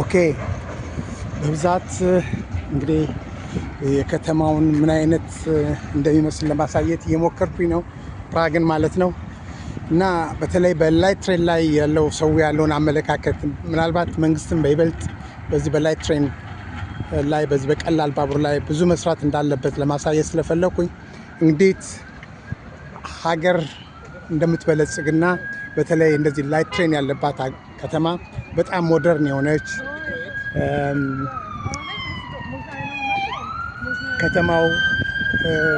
ኦኬ በብዛት እንግዲህ የከተማውን ምን አይነት እንደሚመስል ለማሳየት እየሞከርኩኝ ነው፣ ፕራግን ማለት ነው። እና በተለይ በላይት ትሬን ላይ ያለው ሰው ያለውን አመለካከት ምናልባት መንግስትን በይበልጥ በዚህ በላይት ትሬን ላይ በዚህ በቀላል ባቡር ላይ ብዙ መስራት እንዳለበት ለማሳየት ስለፈለኩኝ እንዴት ሀገር እንደምትበለጽግና በተለይ እንደዚህ ላይት ትሬን ያለባት ከተማ በጣም ሞደርን የሆነች ከተማው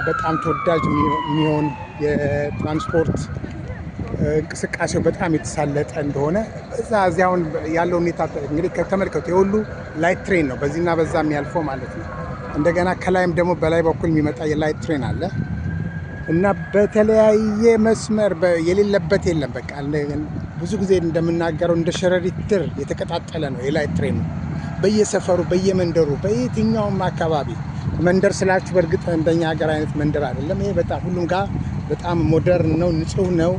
በጣም ተወዳጅ የሚሆን የትራንስፖርት እንቅስቃሴው በጣም የተሳለጠ እንደሆነ እዛ እዚህ አሁን ያለው ሁኔታ እንግዲህ ከተመልከቱ የሁሉ ላይት ትሬን ነው በዚህና በዛ የሚያልፈው ማለት ነው። እንደገና ከላይም ደግሞ በላይ በኩል የሚመጣ የላይት ትሬን አለ። እና በተለያየ መስመር የሌለበት የለም። በቃ ብዙ ጊዜ እንደምናገረው እንደ ሸረሪትር የተቀጣጠለ ነው የላይ ትሬኑ በየሰፈሩ በየመንደሩ በየትኛውም አካባቢ መንደር ስላችሁ በእርግጥ እንደኛ ሀገር አይነት መንደር አይደለም። ይሄ በጣም ሁሉም ጋር በጣም ሞደርን ነው፣ ንጹህ ነው፣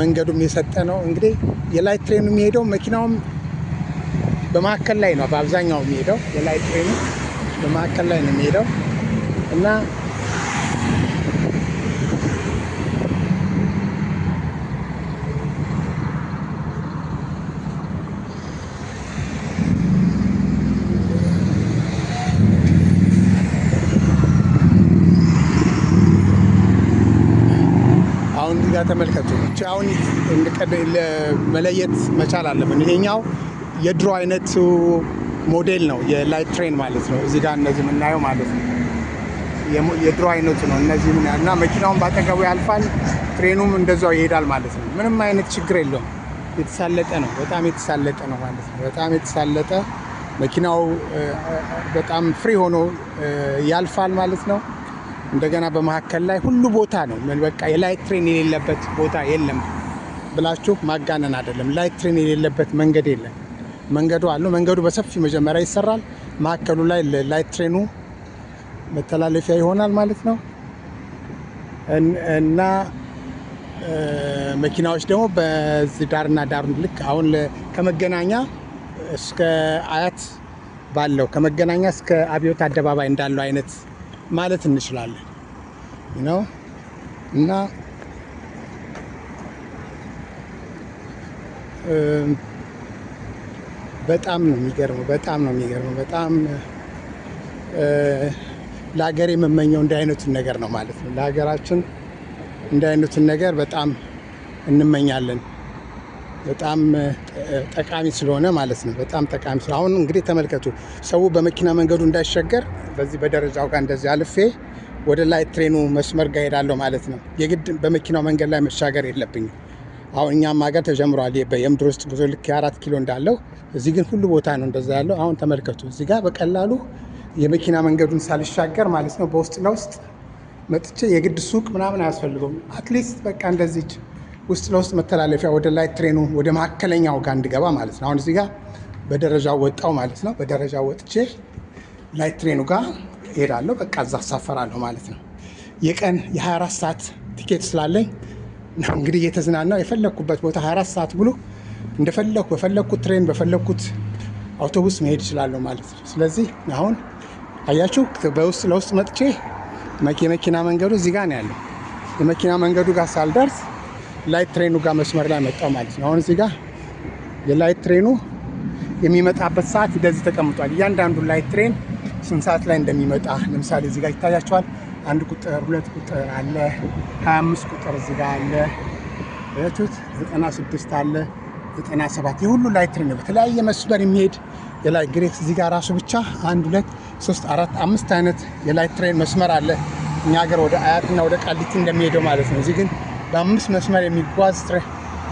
መንገዱም የሰጠ ነው። እንግዲህ የላይት ትሬኑ የሚሄደው መኪናውም በማዕከል ላይ ነው በአብዛኛው የሚሄደው የላይት ትሬኑ በማዕከል ላይ ነው የሚሄደው እና ተመልከቱ። አሁን መለየት መቻል አለብን። ይሄኛው የድሮ አይነቱ ሞዴል ነው፣ የላይት ትሬን ማለት ነው። እዚህ ጋር እነዚህ የምናየው ማለት ነው የድሮ አይነቱ ነው። እነዚህ ምን እና መኪናውን ባጠገቡ ያልፋል፣ ትሬኑም እንደዛው ይሄዳል ማለት ነው። ምንም አይነት ችግር የለውም። የተሳለጠ ነው፣ በጣም የተሳለጠ ነው ማለት ነው። በጣም የተሳለጠ መኪናው በጣም ፍሪ ሆኖ ያልፋል ማለት ነው። እንደገና በመካከል ላይ ሁሉ ቦታ ነው። በቃ የላይት ትሬን የሌለበት ቦታ የለም ብላችሁ ማጋነን አይደለም። ላይት ትሬን የሌለበት መንገድ የለም። መንገዱ አሉ። መንገዱ በሰፊ መጀመሪያ ይሰራል። መካከሉ ላይ ላይት ትሬኑ መተላለፊያ ይሆናል ማለት ነው እና መኪናዎች ደግሞ በዚህ ዳርና ዳር ልክ አሁን ከመገናኛ እስከ አያት ባለው ከመገናኛ እስከ አብዮት አደባባይ እንዳለው አይነት ማለት እንችላለን ነው እና በጣም ነው የሚገርመው። በጣም ነው የሚገርመው። በጣም ለሀገር የምመኘው እንደ አይነቱን ነገር ነው ማለት ነው። ለሀገራችን እንደ አይነቱን ነገር በጣም እንመኛለን። በጣም ጠቃሚ ስለሆነ ማለት ነው። በጣም ጠቃሚ ስለሆነ አሁን እንግዲህ ተመልከቱ፣ ሰው በመኪና መንገዱ እንዳይሸገር በዚህ በደረጃው ጋር እንደዚህ አልፌ ወደ ላይ ትሬኑ መስመር ጋር ሄዳለሁ ማለት ነው። የግድ በመኪናው መንገድ ላይ መሻገር የለብኝም። አሁን እኛም ሀገር ተጀምሯል የምድር ውስጥ ጉዞ ልክ የአራት ኪሎ እንዳለው እዚህ ግን ሁሉ ቦታ ነው እንደዛ ያለው። አሁን ተመልከቱ እዚህ ጋር በቀላሉ የመኪና መንገዱን ሳልሻገር ማለት ነው በውስጥ ለውስጥ መጥቼ የግድ ሱቅ ምናምን አያስፈልገውም። አትሊስት በቃ እንደዚች ውስጥ ለውስጥ መተላለፊያ ወደ ላይ ትሬኑ ወደ መካከለኛው ጋር እንድገባ ማለት ነው። አሁን እዚህ ጋር በደረጃ ወጣው ማለት ነው። በደረጃ ወጥቼ ላይ ትሬኑ ጋር እሄዳለሁ። በቃ እዛ ሳፈራለሁ ማለት ነው። የቀን የ24 ሰዓት ቲኬት ስላለኝ ነው እንግዲህ እየተዝናናው የፈለግኩበት ቦታ 24 ሰዓት ብሎ እንደፈለግኩ በፈለግኩት ትሬን በፈለግኩት አውቶቡስ መሄድ እችላለሁ ማለት ነው። ስለዚህ አሁን አያችሁ በውስጥ ለውስጥ መጥቼ የመኪና መንገዱ እዚህ ጋር ነው ያለው። የመኪና መንገዱ ጋር ሳልደርስ ላይት ትሬኑ ጋር መስመር ላይ መጣው ማለት ነው። አሁን እዚህ ጋር የላይት ትሬኑ የሚመጣበት ሰዓት እንደዚህ ተቀምጧል። እያንዳንዱ ላይት ትሬን ስንት ሰዓት ላይ እንደሚመጣ ለምሳሌ እዚህ ጋር ይታያቸዋል። አንድ ቁጥር ሁለት ቁጥር አለ፣ 25 ቁጥር እዚህ ጋር አለ፣ እቱት 96 አለ፣ 97 የሁሉ ላይት ትሬን በተለያየ መስመር የሚሄድ የላይት ግሬት እዚህ ጋር ራሱ ብቻ አንድ ሁለት ሶስት አራት አምስት አይነት የላይት ትሬን መስመር አለ። እኛ ሀገር ወደ አያትና ወደ ቃሊቲ እንደሚሄደው ማለት ነው። እዚህ ግን በአምስት መስመር የሚጓዝ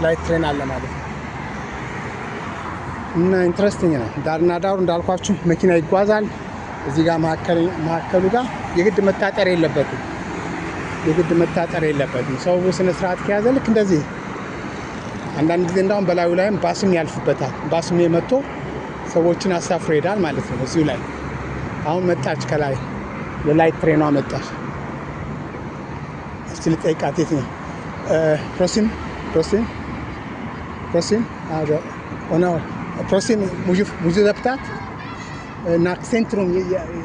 ላይት ትሬን አለ ማለት ነው። እና ኢንትረስቲንግ ነው። ዳርና ዳሩ እንዳልኳችሁ መኪና ይጓዛል። እዚህ ጋር መካከሉ ጋር የግድ መታጠር የለበትም የግድ መታጠር የለበትም። ሰው ስነ ስርዓት ከያዘ ልክ እንደዚህ አንዳንድ ጊዜ እንዳሁም በላዩ ላይም ባስም ያልፍበታል። ባስም የመጥቶ ሰዎችን አሳፍሮ ይሄዳል ማለት ነው። እዚሁ ላይ አሁን መጣች፣ ከላይ የላይት ትሬኗ መጣች። እስቲ ልጠይቃት የት ነው Eh, prosím, prosím, prosím, a že ono, prosím, můžu, můžu zeptat? Eh, na centrum,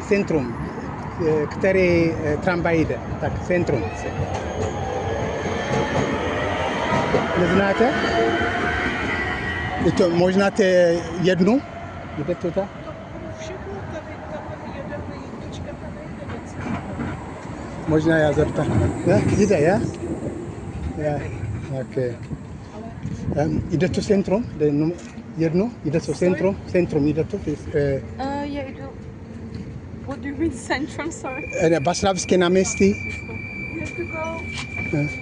centrum, eh, který eh, tramvaj jde, tak centrum. Neznáte? Je to možná te je jednu? Jde to tak? Možná já zeptám. Ne? Jde, je? Yeah. Okay. Um, ehm, Idato Centrum, the num- you know, centro, Centrum, Centrum, Idato is. Uh, uh, yeah, it will. What do you mean Centrum? Sorry. Uh, eh, Baslavske Namesti. We have to go. Uh. Eh.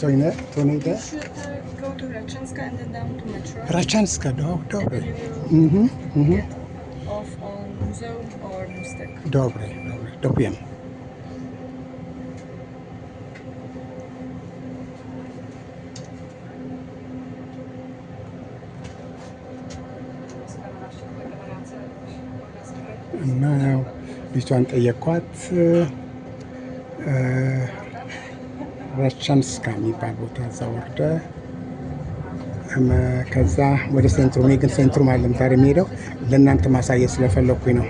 Toine, Toine, We should uh, go to Rachanska and then down to Metro. Rachanska, dog, dog. Mm-hmm. Mm-hmm. Get off on Muzeum or Mustek. Dobre, dobre, dopijem. እና ያው ልጅቷን ጠየቅኳት። ረሸምስካ የሚባል ቦታ እዛ ወርደ ከዛ ወደ ሴንትሩ። እኔ ግን ሴንትሩ ማለም ምታር የሚሄደው ለእናንተ ማሳየት ስለፈለኩኝ ነው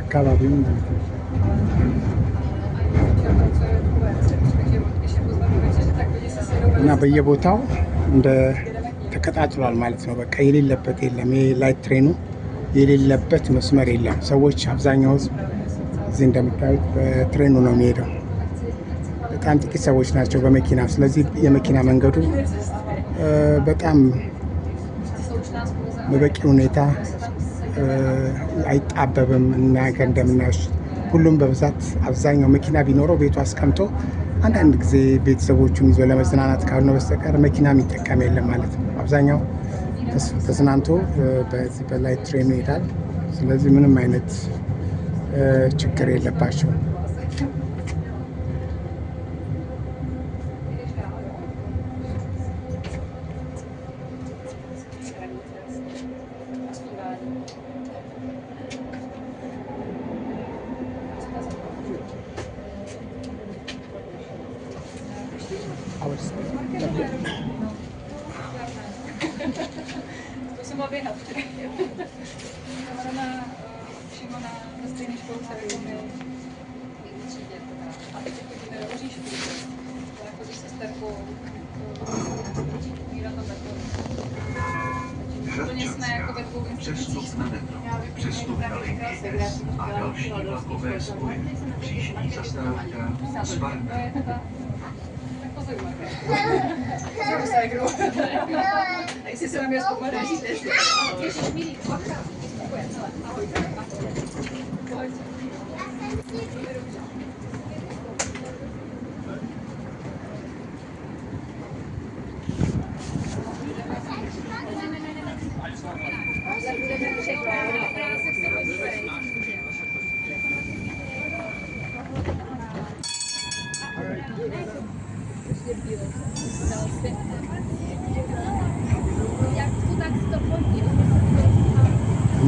አካባቢውን እና በየቦታው እንደ ተቀጣጥሏል ማለት ነው። በቃ የሌለበት የለም። ይሄ ላይት ትሬኑ የሌለበት መስመር የለም። ሰዎች አብዛኛው ህዝብ እዚህ እንደምታዩት በትሬኑ ነው የሚሄደው። በጣም ጥቂት ሰዎች ናቸው በመኪና ስለዚህ የመኪና መንገዱ በጣም በበቂ ሁኔታ አይጣበብም እና ገር እንደምናዩት ሁሉም በብዛት አብዛኛው መኪና ቢኖረው ቤቱ አስቀምጦ አንዳንድ ጊዜ ቤተሰቦቹን ይዞ ለመዝናናት ካልሆነ በስተቀር መኪና የሚጠቀም የለም ማለት ነው አብዛኛው ተስናንቶ በዚህ በላይ ትሬኑ ይሄዳል። ስለዚህ ምንም አይነት ችግር የለባቸውም። veřejné školce jako my, my třídě teda. A teď jako jdeme o říšku, to jako když se sterkou, míra tam takhle. Úplně jsme jako ve dvou institucích. Přestup na linky S a další vlakové spoje. Příští zastávka Sparta. Tak pozor, Marka. Zaru se, Agro. A jestli se na mě vzpomeneš, jestli... Ježiš, milý, bacha.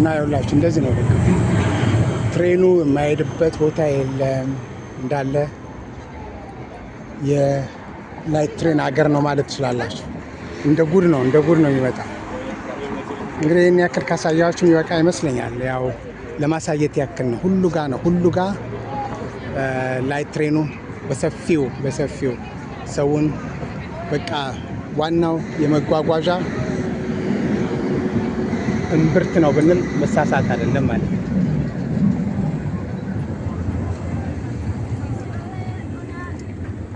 እና ያላችሁ እንደዚህ ነው። ትሬኑ የማይሄድበት ቦታ የለም እንዳለ የላይት ትሬን ሀገር ነው ማለት ትችላላችሁ። እንደ ጉድ ነው እንደ ጉድ ነው የሚመጣ። እንግዲህ ይህን ያክል ካሳያችሁ ይበቃ ይመስለኛል። ያው ለማሳየት ያክል ነው። ሁሉ ጋ ነው ሁሉ ጋ ላይት ትሬኑ በሰፊው በሰፊው ሰውን በቃ ዋናው የመጓጓዣ እምብርት ነው ብንል መሳሳት አይደለም ማለት ነው።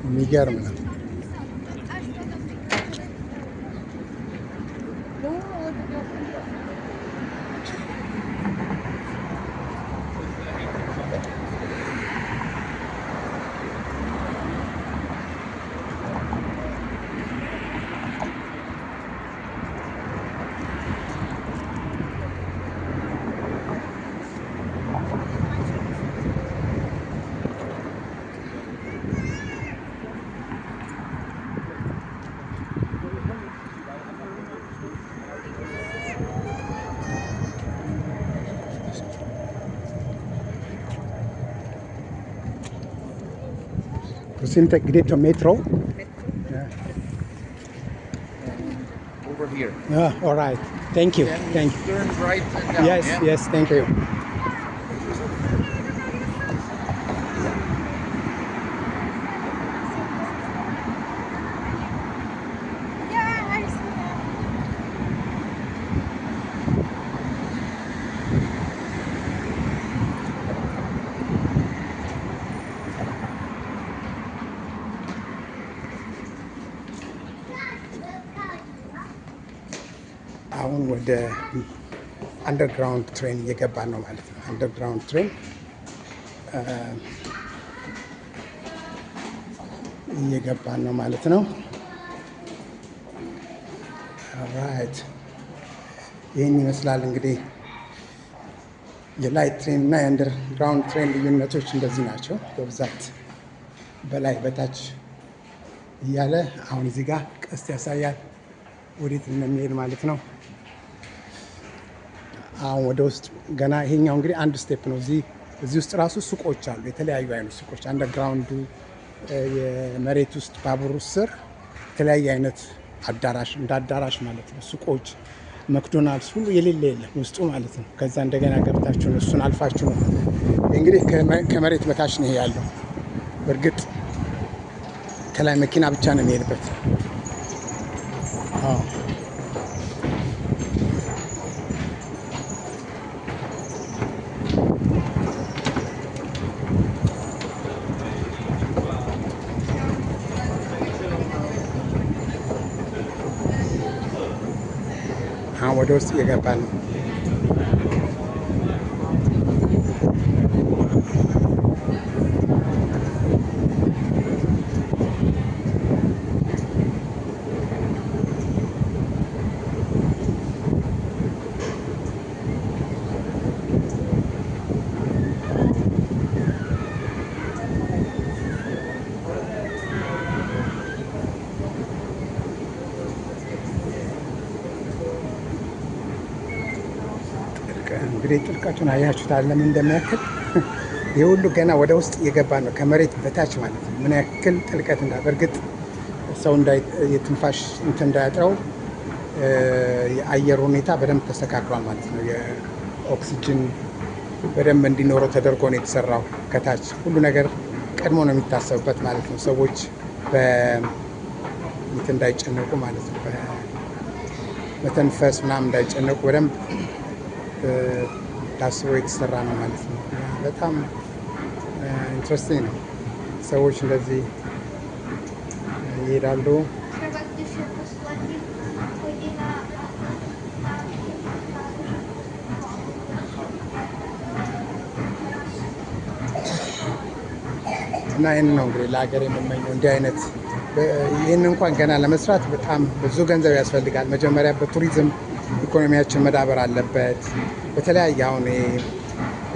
የሚገርም ነው። Syntax to Metro. Over here. Yeah, all right. Thank you. Thank you. Turn right Yes, yeah? yes, thank you. አሁን ወደ አንደርግራውንድ ትሬን እየገባ ነው ማለት ነው። አንደርግራውንድ ትሬን እየገባ ነው ማለት ነው። ራይት ይህን ይመስላል እንግዲህ የላይት ትሬን እና የአንደርግራውንድ ትሬን ልዩነቶች እንደዚህ ናቸው። በብዛት በላይ በታች እያለ አሁን እዚህ ጋር ቀስት ያሳያል ወዴት እንደሚሄድ ማለት ነው። አሁን ወደ ውስጥ ገና ይሄኛው እንግዲህ አንድ ስቴፕ ነው። እዚህ ውስጥ ራሱ ሱቆች አሉ፣ የተለያዩ አይነት ሱቆች አንደርግራውንዱ፣ የመሬት ውስጥ ባቡር ስር የተለያየ አይነት አዳራሽ እንደ አዳራሽ ማለት ነው ሱቆች መክዶናልድስ ሁሉ የሌለ የለም ውስጡ ማለት ነው። ከዛ እንደገና ገብታችሁ ነው እሱን አልፋችሁ ነው እንግዲህ ከመሬት በታች ነው ያለው። እርግጥ ከላይ መኪና ብቻ ነው የሚሄድበት። Gracias. እንግዲህ ጥልቀቱን አያችሁታል ለምን እንደሚያክል ይህ ሁሉ ገና ወደ ውስጥ እየገባ ነው ከመሬት በታች ማለት ነው ምን ያክል ጥልቀት እንዳ በእርግጥ ሰው የትንፋሽ እንትን እንዳያጥረው የአየር ሁኔታ በደንብ ተስተካክሏል ማለት ነው የኦክሲጅን በደንብ እንዲኖረው ተደርጎ ነው የተሰራው ከታች ሁሉ ነገር ቀድሞ ነው የሚታሰብበት ማለት ነው ሰዎች በእንትን እንዳይጨነቁ ማለት ነው በመተንፈስ ምናምን እንዳይጨነቁ በደንብ ታስቦ የተሰራ ነው ማለት ነው። በጣም ኢንትረስቲንግ ነው። ሰዎች እንደዚህ ይሄዳሉ። እና ይህን ነው እንግዲህ ለሀገር የምመኘው እንዲህ አይነት ይህን እንኳን ገና ለመስራት በጣም ብዙ ገንዘብ ያስፈልጋል። መጀመሪያ በቱሪዝም ኢኮኖሚያችን መዳበር አለበት። በተለያየ አሁን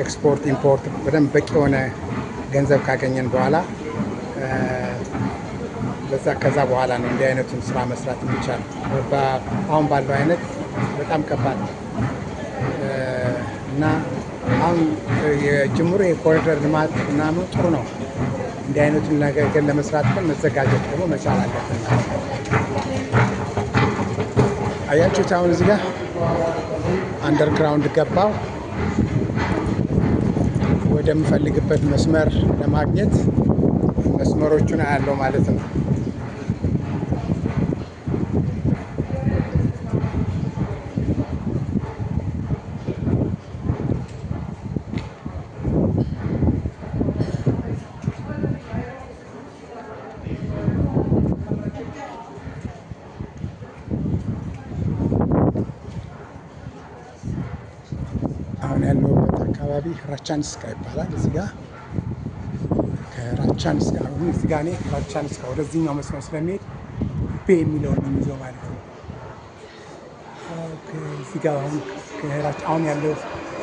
ኤክስፖርት ኢምፖርት በደንብ በቂ የሆነ ገንዘብ ካገኘን በኋላ በዛ ከዛ በኋላ ነው እንዲህ አይነቱን ስራ መስራት የሚቻል። አሁን ባለው አይነት በጣም ከባድ እና አሁን የጅምሩ የኮሪደር ልማት ምናምን ጥሩ ነው። እንዲህ አይነቱን ነገር ግን ለመስራት ግን መዘጋጀት ደግሞ መቻል አለበት። አያችሁት አሁን እዚህ ጋር አንደርግራውንድ ገባው ወደምፈልግበት መስመር ለማግኘት መስመሮቹን አያለው ማለት ነው። አካባቢ ራቻን ስካ ይባላል። እዚህ ጋ ከራቻን ስካ አሁን እዚህ ጋ እኔ ራቻን ስካ ወደዚህኛው መስመር ስለሚሄድ ቤ የሚለውን ነው የሚይዘው ማለት ነው። እዚህ ጋር አሁን አሁን ያለው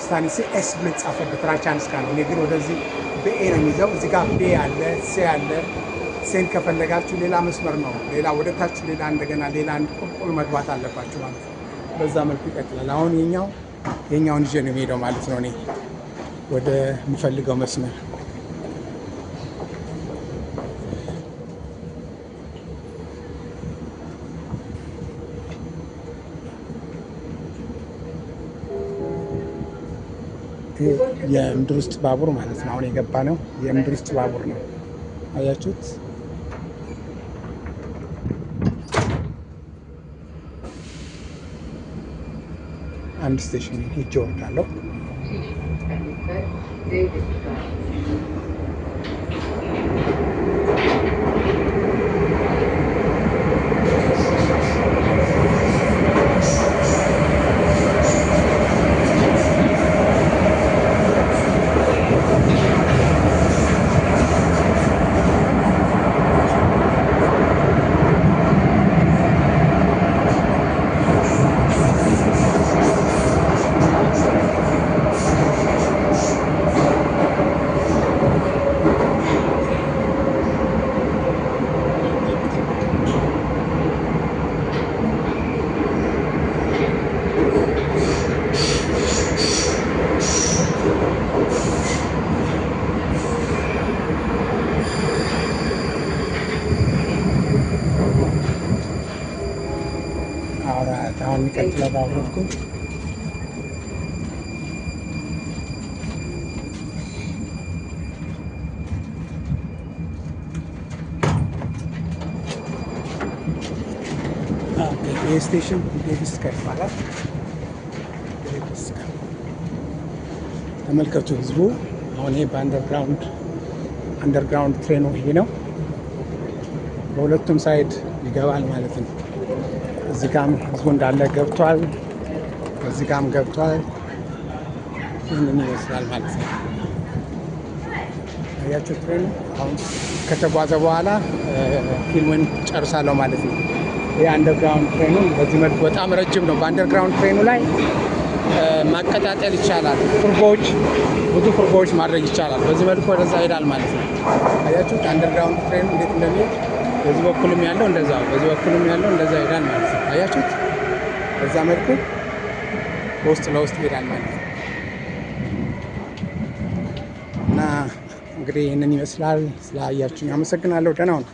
ስታኒሴ ኤስ ብሎ የተጻፈበት ራቻን ስካ ነው። እኔ ግን ወደዚህ ቤኤ ነው የሚይዘው። እዚህ ጋ ቤ አለ፣ ሴ አለ። ሴን ከፈለጋችሁ ሌላ መስመር ነው፣ ሌላ ወደታች፣ ሌላ እንደገና ሌላ አንድ ቁልቁል መግባት አለባችሁ ማለት ነው። በዛ መልኩ ይቀጥላል። አሁን የኛው የኛውን ይዤ ነው የሚሄደው ማለት ነው እኔ ወደ ምፈልገው መስመር የምድር ውስጥ ባቡር ማለት ነው። አሁን የገባ ነው የምድር ውስጥ ባቡር ነው። አያችሁት? አንድ ስቴሽን ሄጄ እወርዳለሁ። कर दे देता ስላባረኩኝ የስቴሽን ቤቢስ ይባላል። ተመልከቱ ህዝቡ አሁን ይሄ በአንደርግራውንድ አንደርግራውንድ ትሬኑ ይሄ ነው። በሁለቱም ሳይድ ይገባል ማለት ነው። እዚህ ጋም ህዝቡ እንዳለ ገብቷል። በዚህ ጋም ገብቷል። ይህንን ይመስላል ማለት ነው። ያቸው ትሬን አሁን ከተጓዘ በኋላ ፊልሙን ጨርሳለሁ ማለት ነው። ይህ አንደርግራውንድ ትሬኑ በዚህ መልኩ በጣም ረጅም ነው። በአንደርግራውንድ ትሬኑ ላይ ማቀጣጠል ይቻላል። ፍርጎዎች ብዙ ፍርጎዎች ማድረግ ይቻላል። በዚህ መልኩ ወደዛ ሄዳል ማለት ነው። አያችሁ አንደርግራውንድ ትሬኑ እንዴት እንደሚሄድ በዚህ በኩልም ያለው እንደዛ በዚህ በኩልም ያለው እንደዛ ሄዳል ማለት ነው። አያችሁት? በዛ መልኩ ውስጥ ለውስጥ ይሄዳል ማለት ነው። እና እንግዲህ ይህንን ይመስላል። ስላያችሁኝ አመሰግናለሁ። ደህና ሁኑ።